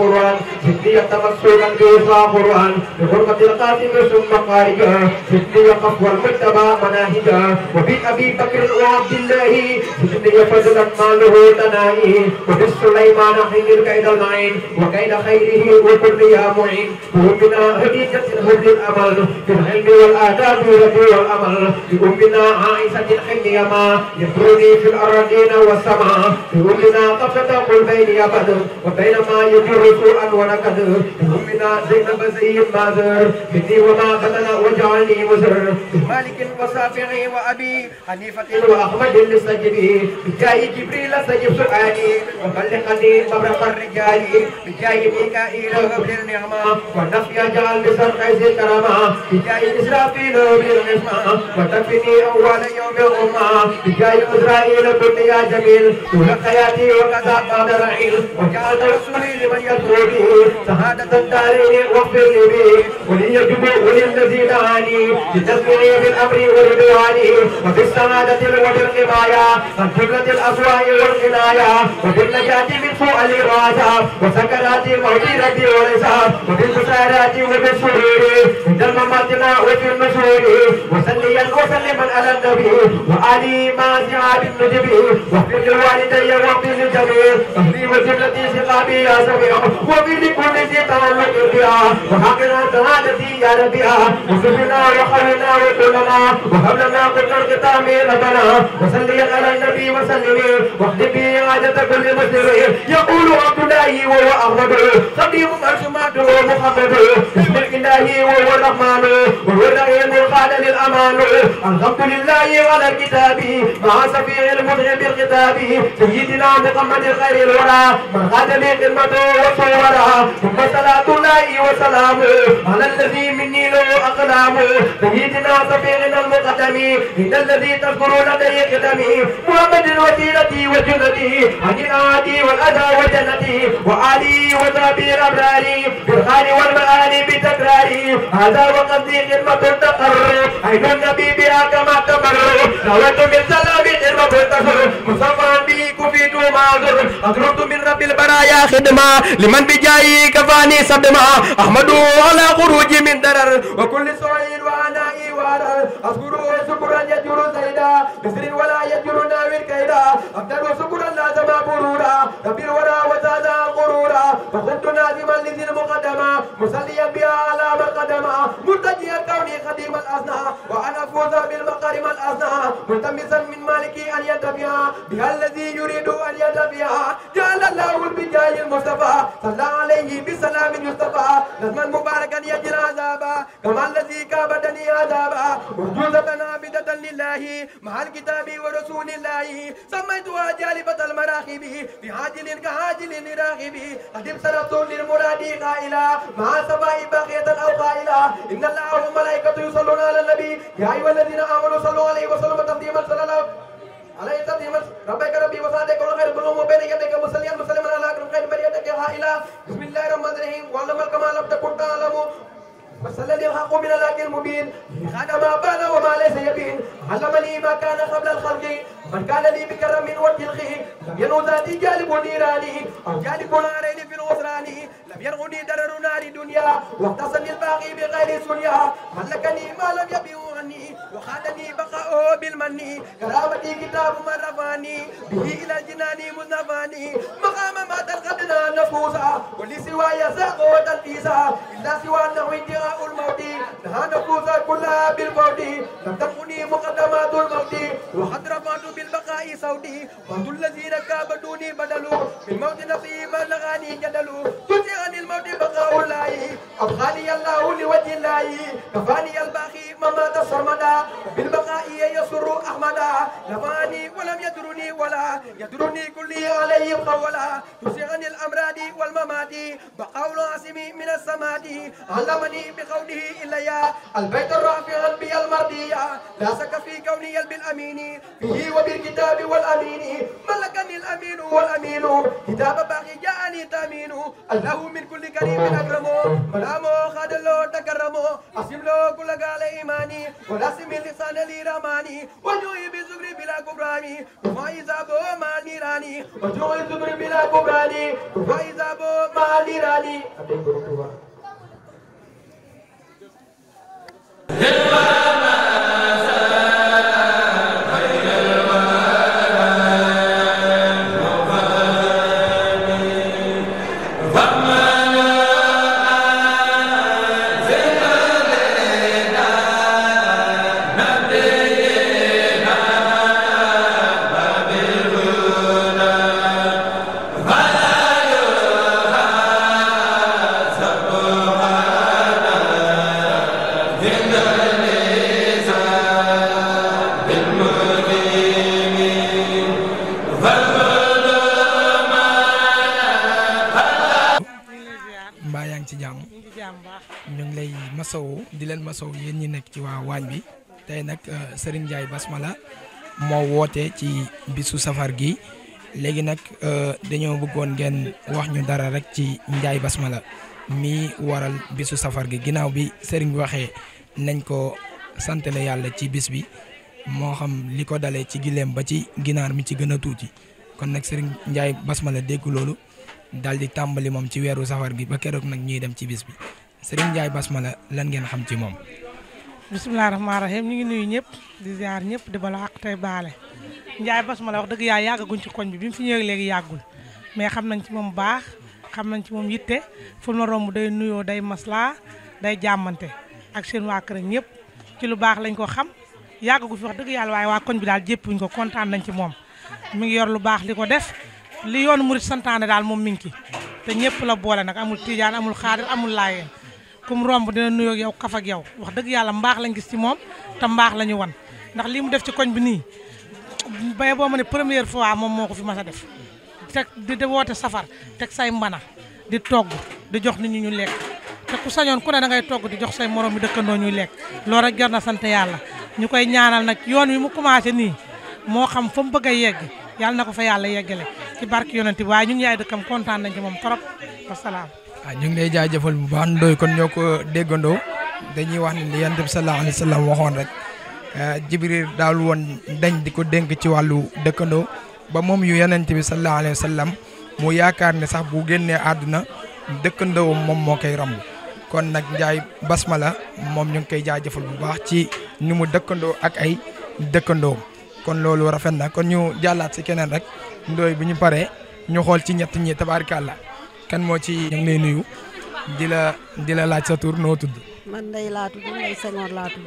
Quran Hindi ang tamasunan يلقى قرآن بحرمة القاسم ثم قارئه ستي قفوى المجتمع مناهجا وفي أبي بكر وعبد الله ستي فضلا ماله تنائه وفي سليمان حين كيد المعين وكيد خيره وكل يا معين
ومنا
هدية هد الأمل في العلم والآداب ربي والأمل لأمنا عائشة الحلم يما يسرني في الأراضين والسماء لأمنا قفة قل بين يبد وبينما يجر سوءا ونكد لأمنا زينب زي المازر مني وما فتن وجعلني وزر مالك وصافع وأبي حنيفة وأحمد للسجدي بجاه جبريل سجب سؤالي وبلغني مبرق الرجال بجاه ميكائيل قبل النعمة ونفي جعل بسر قيس الكرامة بجاه إسرافيل بالعصمة وتكفني أول يوم الأمة بجاه إسرائيل كل يا جميل طول حياتي وكذا بعد رحيل وجعل رسولي لمن يطلبه شهادة داري ولي واغفر لي به وليجب وللذين عاني بتسميني بالامر ورضوانه وفي السعاده والارتبايا والجمله الافواه والغنايا وبالنجاه من سوء الواسع وسكرات الموت ربي والحساب وبالبشارات وبالسرور عند المماتنا وفي المشهور وسليا وسلما على النبي وآله مع سعاد النجب واغفر لوالدي واغفر للجميع اهلي وجملتي سلامي يا سميع وبلكل ذي تعلق ربنا وهبنا سعادتي يا ربنا وسبنا وقهنا وكلنا وهب لنا قدرتك تعمير ربنا وصلي على النبي وسلم واهد به حاجة كل مسلم يقول عبد الله وهو أغرب خديم أرشماته محمد بسم الله وهو الرحمن وهو الرحيم قال للأمان الحمد لله على كتابه مع سفيع المذهب بالكتاب سيدنا محمد خير الورى من خادم خدمته وصورا ثم صلاة عليه وسلام على الذي مني له أقلام سيدنا سفيرنا المقدم إن الذي تذكر لدي قدمي محمد وسيلتي وجنتي عن العادي والأذى وجنتي وعلي وذابي الأبراري بالخال والمآل بتكراري هذا وقصدي خدمة تقر عين النبي بها كما تمر دعوة من سلام خدمة تقر مصطفى به كفيت معذر أدركت من رب البرايا خدمة لمن بجاي كفاني صدمة أحمد على خروجي من درر وكل سعيد وعنائي وعرر أذكره شكرا يجر زيدا بسر ولا يجر ناوير كيدا أبدا وشكرا لازم برورا ربي الورى وزادا غرورا فكنت نازما لذي المقدمة مصليا بها على مقدمة الذي كوني خديم الأزنها وأنا فوز بالمقارم الأزنها ملتمسا من مالكي أن يد بها بها الذي يريد أن يد بها جعل الله البجاي المصطفى صلى عليه بسلام يصطفى نظما مباركا يجرى عذابا كما الذي كابدني عذابا مرجوزة عابدة لله مع الكتاب ورسول الله سميتها جالبة المراخب عاجل كعاجل لراغب قد ابتلبت للمراد قائلا مع سماء بقية أو قائلا إن الله جاءه ملائكة يصلون على النبي يا أيها الذين آمنوا صلوا عليه وسلم تسليما صلى الله عليه وسلم علیہ تطیم ربک ربی وصادق اور خیر بلوم و بین یدک مسلیان مسلمان علاقہ خیر بریدک حائلہ بسم اللہ الرحمن الرحیم والمال کمال ابتا کٹا علمو بس الذي الحق من الحق المبين كان ما بان وما ليس يبين علم لي ما كان قبل الخلق من كان لي بكرم وتلقه لم ينو ذاتي جالب نيرانه او جالب نارين في نصرانه لم يرغني درر نار دنيا واقتصد الباقي بغير سنيا ملكني ما لم يبيعني وخادني بقاؤه بالمني كرامتي كتاب من رفاني به إلى الجنان مزنفاني مقام ما تلقدنا نفوسا كل سوى يساق وتلبيسا إلا سوى أنه انتهاء الموت نهى نفوسا كلها بالموت لم تكن مقدمات الموت وقد رفعت بالبقاء صوتي وقت الذين كابدوني بدلوا بالموت نفسي ما لغاني جدلوا تجي عن الموت بقاء الله أبغاني الله لوجه الله كفاني الباقي ممات الصمد نفعني ولم يدرني ولا يدرني كل علي قولا تسعني الأمراض والممات بقول عاصمي من السماد علمني بقوله إليا البيت الرافع بي المرضية لا سك في كوني بالأمين فيه وبالكتاب والأمين ملكني الأمين والأمين كتاب باقي جاءني تامين الله من كل كريم أكرمه ملامه خاد الله تكرمه أسم له كل قال إيماني ولا سمي لسان لي رماني وجوهي بزغ الصبر بلا كفران وفايزا بو مع النيران وجوع الصبر بلا كفران وفايزا بو مع النيران
Yeah.
Serigne Ndiaye la moo woote ci bisu safar gi léegi nag euh, dañoo bëggoon ngeen wax ñu dara rek ci njaay Ndiaye la mi waral bisu safar gi ginnaaw bi Serigne bi waxee nañ ko santale yàlla ci bis bi moo xam li ko dalee ci gileem ba ci ginaar mi ci gën a tuuti kon nag Serigne Ndiaye la dégg loolu daal di tàmbali moom ci weeru safar gi ba keroog nag ñuy dem ci bis bi Serigne Ndiaye la leen ngeen xam ci moom.
bisimilah rahmaani rahiim ñu ngi nuyu ñëpp di ziar ñëpp di bala ak tey baale Ndiaye Bas ma la wax dëgg yaa yàggaguñ ci koñ bi bi mu fi ñëwee léegi yàggul mais xam nañ ci moom baax xam nañ ci moom yitte fu mu romb day nuyoo day maslaa day jàmmante ak seen waa kër ñëpp ci lu baax lañ ko xam yàggagu fi wax dëgg yàlla waaye waa koñ bi daal jéppuñ ko kontaan nañ ci moom mu ngi yor lu baax li ko def li yoonu murit santaane daal moom mi ngi ci te ñëpp la boole nag amul tijaan amul xaadir amul laayeen kum mu romb dina nuyoo yow kaf ak yow wax deug yalla mbax lañ gis ci mom ta mbax lañu wan ndax limu def ci koñ bi ni baye bo mané première fois mom moko fi massa def tek di woote safar tek say mbana di togg di jox nit ñi ñu lek te ku sañon ku ne da ngay togg di jox say morom mi dëkkandoo ñuy lek loolu rek jarna sante yalla ñukoy ñaanal nak yoon wi mu commencé ni mo xam fa bëgg yegg yalla nako fa yalla yeggale ci barki yonenti ñun yaay dekkam nañ ci
waaw ah, ñu ngi lay jaajëfal bu baax Ndoye kon ñoo ko déggandoo dañuy wax ne li yonent bi sallallahu alayhi waxoon rek eh, Jibril daal woon dañ di ko dénk ci wàllu dëkkandoo ba moom yu yonent bi sallallahu alayhi wa sallam mu yaakaar ne sax bu génnee àdduna dëkkandoo moom moo koy romb kon nag njaay Ndiaye la moom ñu ngi koy jëfal bu baax ci ñu mu dëkkandoo ak ay dëkkandoo kon loolu rafet na kon ñu jàllaat si keneen rek Ndoye bu ñu paree ñu xool ci ñett ñi tabaarkàlla kan mochi ci ñu ngi lay nuyu di la di la laaj sa tour no tudd.
man day la tudd Ndeye Senghor la tudd.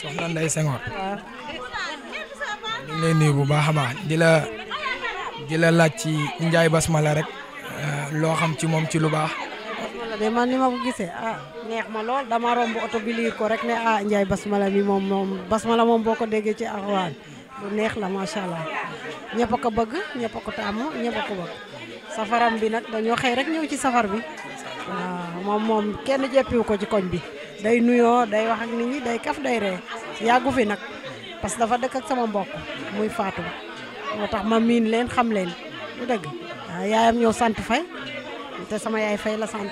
soxna
ndey Senghor. ñu ngi lay nuyu bu baaxa baax di la di la laaj ci Ndiaye Basmala rek euh, lo xam ci mom ci lu baax.
de man ni ma ko gisee ah neex ma lool dama romb auto bi lire ko rek ne ah Ndiaye Basmala mi mom mom Basmala mom boko dege ci lu neex la allah ko bëgg ñepp ko ñepp ko bëgg. safaram bi nag dañoo xëy rek ñëw ci safar bi waaw moom moom kenn jeppiwu ko ci koñ bi day nuyoo day wax ak nit ñi day kaf day ree yàggu fi nag parce que dafa dëkk ak sama mbokk muy Fatou moo tax ma miin leen xam leen lu dëgg yaayam ñoo sant fay te sama yaay fay la sant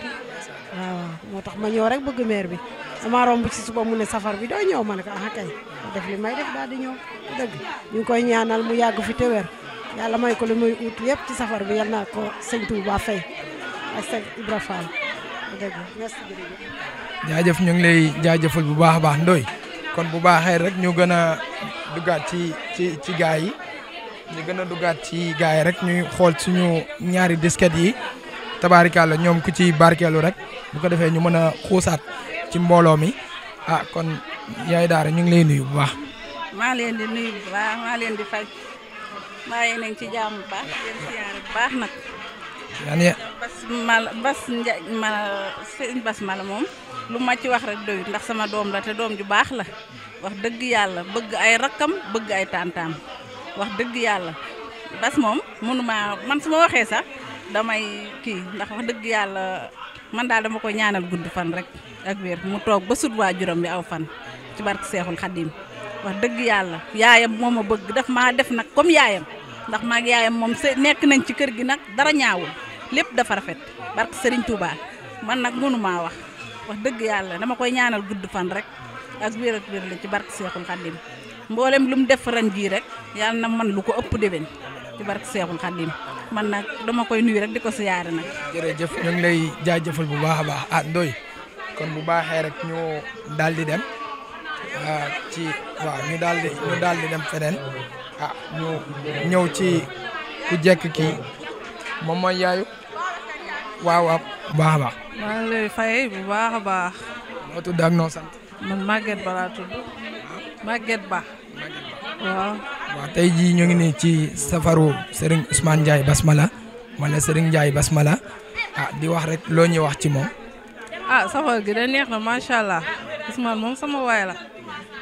waaw moo tax ma ñëw rek bëgg meer bi sama romb ci suba mu ne safar bi doo ñëw ma ne ko ah kay def li may def daal di ñëw lu dëgg ñu ngi koy ñaanal mu yàgg fi te yàlla may ko lu muy ut yëpp ci safar bi yal na ko sëñ Touba Faye ak sëñ Ibra Fall dëgg merci jërëjëf
jaajëf ñu ngi lay jaajëfal bu baax a baax ndoy kon bu baaxee rek ñu gën a duggaat ci ci ci gaa yi ñu gën a duggaat ci gaa yi rek ñuy xool suñu ñaari disquette yi te tabaarikàlla ñoom ku ci barkeelu rek bu ko defee ñu mën a xuusaat ci mbooloo mi ah kon yaay daara ñu ngi lay nuyu bu baax.
maa leen di nuyu bu baax maa leen di fay. waaye nañ ci jàmm baax yéen siyaare baax nag bas mal bas nja ma sëñ bas mala moom lu ma ci wax rek doyu ndax sama doom la te doom ju baax la wax dëgg yàlla bëgg ay rakkam bëgg ay tantam wax dëgg yàlla bas moom mënuma man su ma waxee sax damay kii ndax wax dëgg yàlla man daal dama ko ñaanal gudd fan rek ak wér mu toog ba sut waajuram bi aw fan ci barke seexul xadim wax dëgg yàlla yaayam moo ma bëgg daf maa def nag comme yaayam ndax maag yaayam moom se nekk nañ ci kër gi nag dara ñaawul lépp dafa rafet barke Serigne man nag mënumaa wax wax dëgg yàlla dama koy ñaanal gudd fan rek ak wér ak la ci bark Seexul Xaddim mboolem lu mu def ren jii rek yàlla na man lu ko ëpp déwén ci barke Seexul Xaddim man nag dama koy nuyu rek di ko siyaare nag.
jërëjëf ñu ngi lay jaajëfal bu baax a baax ah Ndoye kon bu baaxee rek ñu daal di dem ah, ci waaw ñu daal daal di dem feneen. ah ñu ñëw ci ku jekk ki moom mooy yaayu waaw waaw baax a baax maa ngi
lay fay bu baax baax
noo tudd ak noo sant
man màgget ba laa tudd màgget ba waaw
waaw tey jii ñu ngi nii ci safaru sëriñ Ousmane Ndiaye Basmala wala sëriñ Ndiaye Basmala ah di wax rek loo ñuy wax ci moom
ah safar gi da neex na macha allah Ousmane moom sama waay la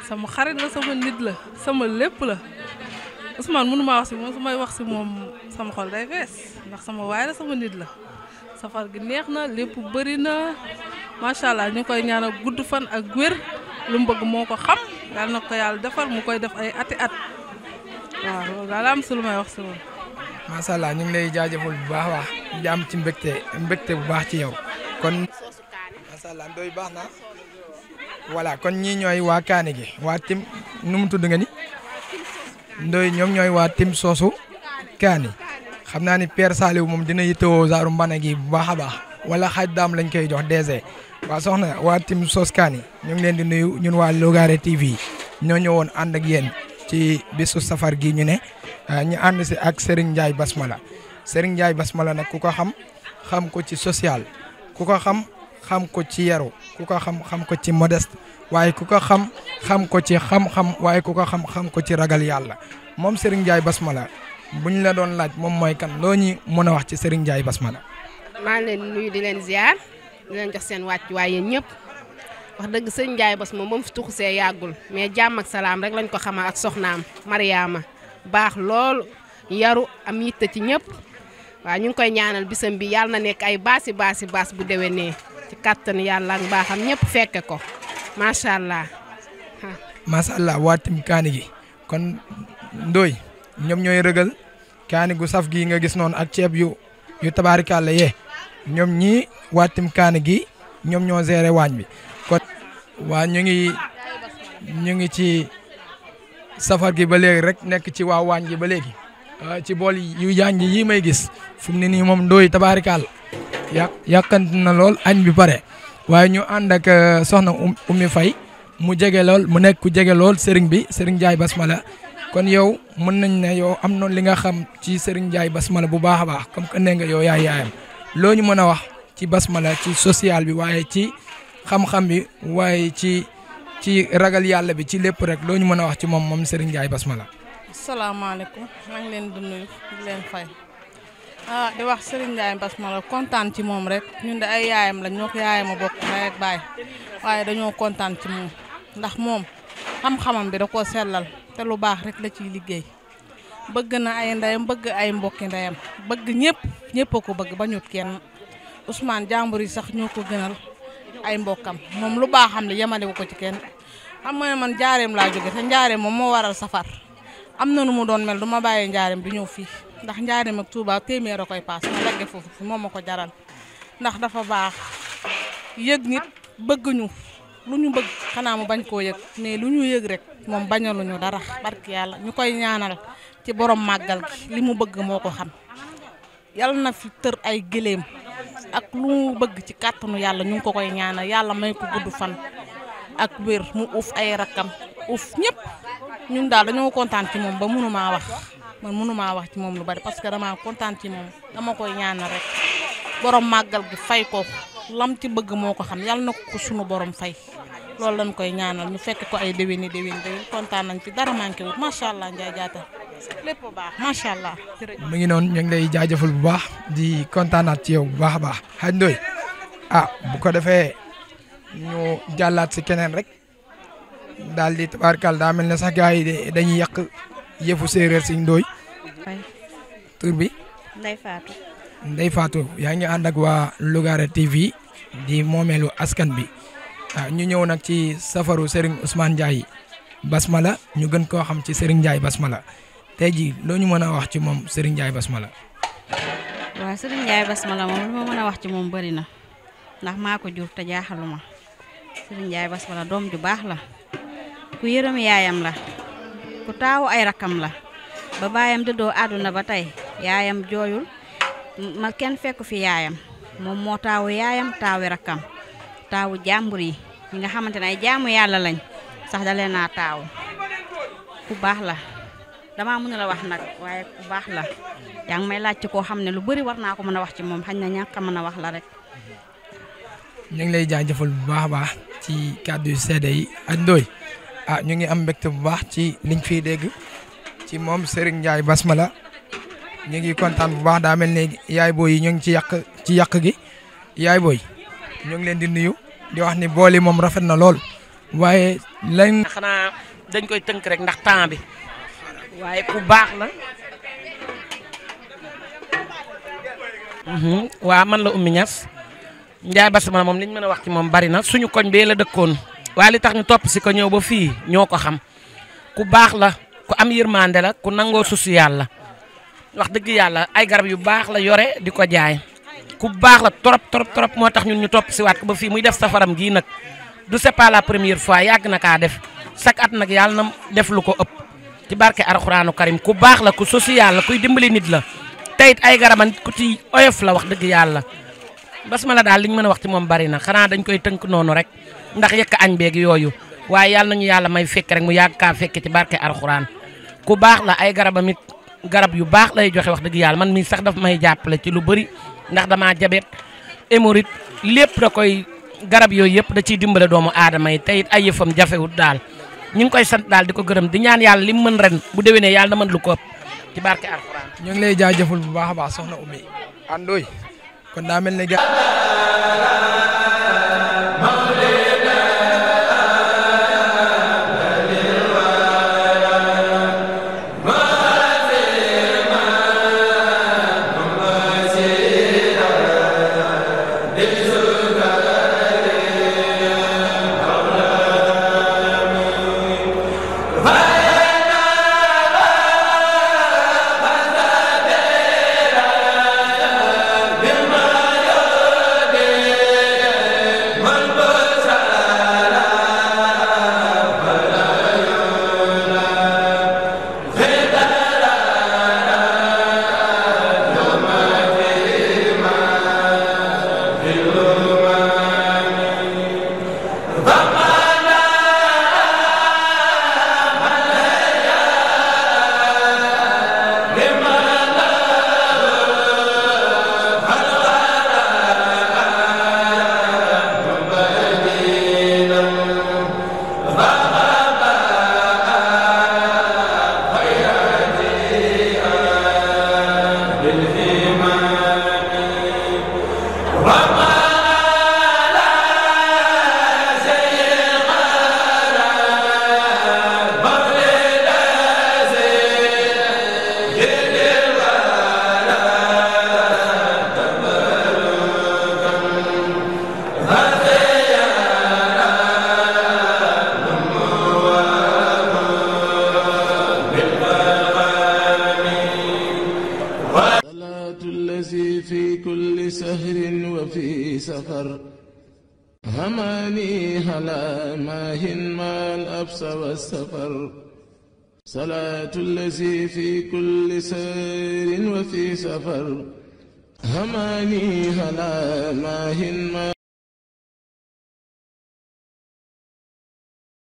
sama xarit la sama nit la sama lépp la Ousmane mënu maa wax si moom su may wax si moom sama xol day fees ndax sama waay la sama nit la safar gi neex na lépp bëri na macha allah ñu koy ñaanal gudd fan ak wér lu mu bëgg moo ko xam daal na ko defar mu koy def ay ati at waaw daal am si lu may wax si moom.
macha allah ñu ngi lay jaajëfal bu baax wax di am ci mbégte mbégte bu baax ci yow kon. macha allah doy baax na. voilà kon ñii ñooy waa Kaane gi waa tim nu mu tudd nga ni. ndoy ñoom ñooy waa tim soosu kaani xam naa ni Père Saliou moom dina yittewoo saaru mbana gi bu baax a baax wala xaj daam lañ koy jox DG waa soxna waa tim soos kaani ñu ngi leen di nuyu ñun waa Lougaré TV ñoo woon ànd ak yeen ci bisu safar gi ñu ne ah, ñu ànd si ak Serigne Ndiaye Basmala Serigne Ndiaye Basmala nag ku ko xam xam ko ci social ku ko xam xam ko ci yaru ku ko xam xam ko ci modeste waaye ku ko xam xam ko ci xam-xam waaye ku ko xam xam ko ci ragal yàlla moom Serigne Ndiaye Basmala buñ la doon laaj moom mooy kan loo ñuy mën a wax ci Serigne Ndiaye la
maa ngi leen nuyu di leen ziar di leen jox seen wàcc waaye ñëpp wax dëgg Serigne Ndiaye Basmala moom fi tuxusee yàggul mais jàmm ak salaam rek lañ ko xamal ak soxnaam Mariama baax lool yaru am yitte ci ñëpp waa ñu ngi koy ñaanal bisam bi yàlla na nekk ay baasi baasi baas bu déwénee ci kàttan yàlla ak baaxam ñëpp fekke ko. macha allah.
macha allah kaani gi kon ndooy ñoom ñooy rëgal kaani gu saf gii nga gis noonu ak ceeb yu yu tabaarikàlla yee ñoom ñii waa kaani gi ñoom ñoo géré waañ bi kon waa ñu ngi ñu ngi ci safar gi ba léegi rek nekk ci waa waañ gi ba léegi ah, ci bool yu yaañ yi may gis fu mu ne nii moom ndooy tabaarikàlla yàq yàqant na lool añ bi pare waaye ñu ànd ak euh, soxna um-, Oumy fay mu jege lool mu nekk ku jege lool Serigne bi Serigne Ndiaye la kon yow mën nañ ne yow am noonu li nga xam ci Serigne Ndiaye la bu baax a baax comme que nee nga yow yaay yaayam loo ñu mën a wax ci Basmala ci social bi waaye ci xam-xam bi waaye ci ci ragal yàlla bi ci lépp rek loo ñu mën a wax ci moom moom Serigne Ndiaye la
asalaamaaleykum maa ngi leen di nuyu leen fay. ah di wax Serigne Ndiaye Mbass ma la kontaan ci moom rek ñun de ay yaayam lañ ñoo ko yaayam a bokk ndey baay waaye dañoo kontaan ci moom ndax moom xam-xamam bi da koo sellal te lu baax rek la ci liggéey bëgg na ay ndeyam bëgg ay mbokki bëgg ñëpp ñëpp a ko bëgg ba ñut kenn Ousmane jàmbur yi sax ñoo ko gënal ay mbokkam moom lu baaxam li yemale ko ci kenn xam na man jaareem laa jóge te njaareem moom moo waral safar am na nu mu doon mel du ma bàyyee njaareem bi ñëw fii ndax njaarim ak Touba téeméer a koy paas ma lagge foofu moom ma ko jaral ndax dafa baax yëg nit bëgg ñu lu ñu bëgg xanaa mu bañ koo yëg mais lu ñu yëg rek moom bañaluñu dara barki yàlla ñu koy ñaanal ci borom màggal gi li mu bëgg moo ko xam yal na fi tër ay gëléem ak lu mu bëgg ci kàttanu yàlla ñu ko koy ñaanal yàlla may ko gudd fan ak wér mu uuf ay rakkam uuf ñëpp ñun daal dañoo kontaan ci moom ba mënumaa wax man mënumaa wax ci moom lu bari parce que dama kontaan ci moom dama koy ñaanal rek borom màggal gi fay ko lam ci bëgg moo ko xam yàlla na ko sunu borom fay loolu lañ koy ñaanal ñu fekk ko ay déwéni déwén déwén kontaan nañ ci dara manqué wut macha allah Ndiaye Diatta lépp bu baax macha allah.
mu ngi noonu ñu ngi lay jaajëfal bu baax di kontaanaat ci yow bu baax a baax. xaj ah, bu ko defee ñu jàllaat si keneen rek daal di tabarkal daa mel ne sax gars yi dañuy yëfu séeréer siñ ndooy tur bi Ndeye Fatou Ndeye Fatou yaa ngi ànd ak waa Lougaré TV di moomeelu askan bi ah, ñu ñëw nag ci safaru Serigne Ousmane Ndiaye Basmala ñu gën koo xam ci Serigne Ndiaye tey jii loo ñu mën a wax ci moom Serigne Ndiaye Basmala
waaw Serigne Ndiaye Basmala moom li ma mën a wax ci moom bëri na ndax maa ko jur te jaaxaluma Serigne Ndiaye Basmala doom ju baax la ku yërëm yaayam la ku taawu ay rakkam la ba baayam dëddoo àdduna ba tey yaayam jooyul ma kenn fekku fi yaayam moom moo taawu yaayam taawi rakkam taawu jàmbur yi ñi nga xamante ne ay jaamu yàlla lañ sax da leen naa taawu ku baax la damaa mën la wax nag waaye ku baax la yaa ngi may laaj ci koo xam ne lu bari war naa ko mën a wax ci moom xañ na ñàkk a mën a wax la rek.
ñu ngi lay jaajëfal bu baax a baax ci kàddu yu seede yi ak Ndoye ah ñu ngi am mbégte bu baax ci liñ fiy dégg ci moom njaay basma la ñu ngi kontaan bu baax daa mel ni yaay booy yi ñu ngi ci yàq ci yàq gi yaay booy ñu ngi leen di nuyu di wax ni bool yi moom rafet na lool waaye lañ.
xanaa dañ koy tënk rek ndax temps bi waaye bu baax la. Mhm. waa man la Oumy Niass Ndiaye Basmala moom liñ mën a wax ci moom bari na suñu koñ bee la dëkkoon. waaye tax ñu topp si ko ñëw ba xam ku Amir la ku am yërmande la ku nangoo susu wax ay garab yu la yore di ko jaay ku baax la trop trop trop moo tax ñun ñu topp si waat ko ba fii muy def safaram gii nag du c'est pas la première fois na def chaque at def ko ci barke karim ku baax la ku social la kuy dimbali nit la teyit ay garabam ku ci oyof la wax dëgg yàlla bas ma wax ci bari na xanaa dañ koy tënk rek ndax yëkk añ beeg yooyu waaye yàlla ñu yàlla may fekk rek mu yàgg kaa fekk ci barke alxuraan ku baax la ay garabam it garab yu baax lay joxe wax dëgg yàlla man mii sax daf may jàppale ci lu bari ndax damaa jabet émorit lépp da koy garab yooyu yëpp da ciy dimbale doomu aadama yi tey ay yëfam jafewut daal ñu ngi koy sant daal di ko gërëm di ñaan yàlla li mu mën ren bu déwénee yàlla na mën lu ko ci barke alxuraan. ñu ngi lay jaajëfal
bu baax a baax soxna Oumy.